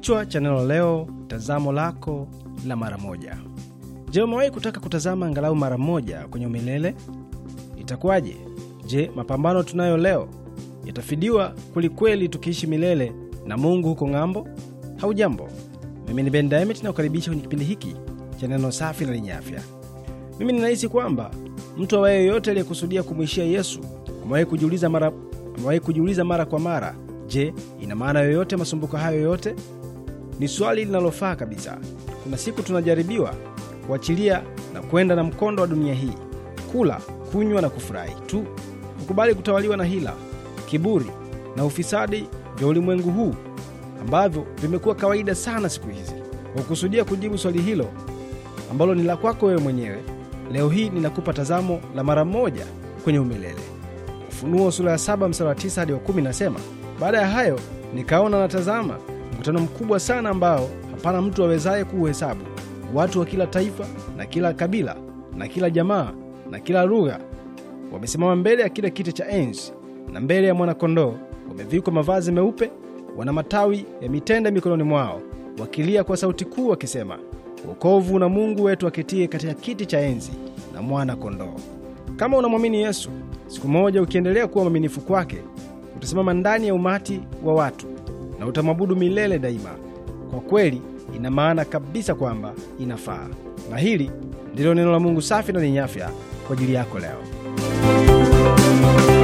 Kichwa cha neno leo: tazamo lako la mara moja. Je, umewahi kutaka kutazama angalau mara moja kwenye umilele Itakuwaje? Je, mapambano tunayo leo yatafidiwa kwelikweli tukiishi milele na Mungu huko ng'ambo? jambo mimi ni bendamet Daimet na kukaribisha kwenye kipindi hiki cha neno safi na lenye afya. Mimi ninahisi kwamba mtu awaye yoyote aliyekusudia kumwishia Yesu amewahi kujiuliza mara kwa mara Je, ina maana yoyote masumbuko hayo yote? Ni swali linalofaa kabisa. Kuna siku tunajaribiwa kuachilia na kwenda na mkondo wa dunia hii, kula, kunywa na kufurahi tu, kukubali kutawaliwa na hila, kiburi na ufisadi vya ulimwengu huu ambavyo vimekuwa kawaida sana siku hizi. Kwa kukusudia kujibu swali hilo ambalo ni la kwako wewe mwenyewe, leo hii ninakupa tazamo la mara moja kwenye umilele. Ufunuo sura ya saba mstari wa tisa hadi wa kumi nasema baada ya hayo, nikaona natazama mkutano mkubwa sana ambao hapana mtu awezaye kuuhesabu, watu wa kila taifa na kila kabila na kila jamaa na kila lugha wamesimama mbele ya kile kiti cha enzi na mbele ya mwanakondoo. Wamevikwa mavazi meupe, wana matawi ya mitende mikononi mwao, wakilia kwa sauti kuu wakisema, wokovu na Mungu wetu aketie katika kiti cha enzi na mwana kondoo. Kama unamwamini Yesu, siku moja ukiendelea kuwa mwaminifu kwake utasimama ndani ya umati wa watu na utamwabudu milele daima. Kwa kweli ina maana kabisa kwamba inafaa. Na hili ndilo neno la Mungu safi na lenye afya kwa ajili yako leo.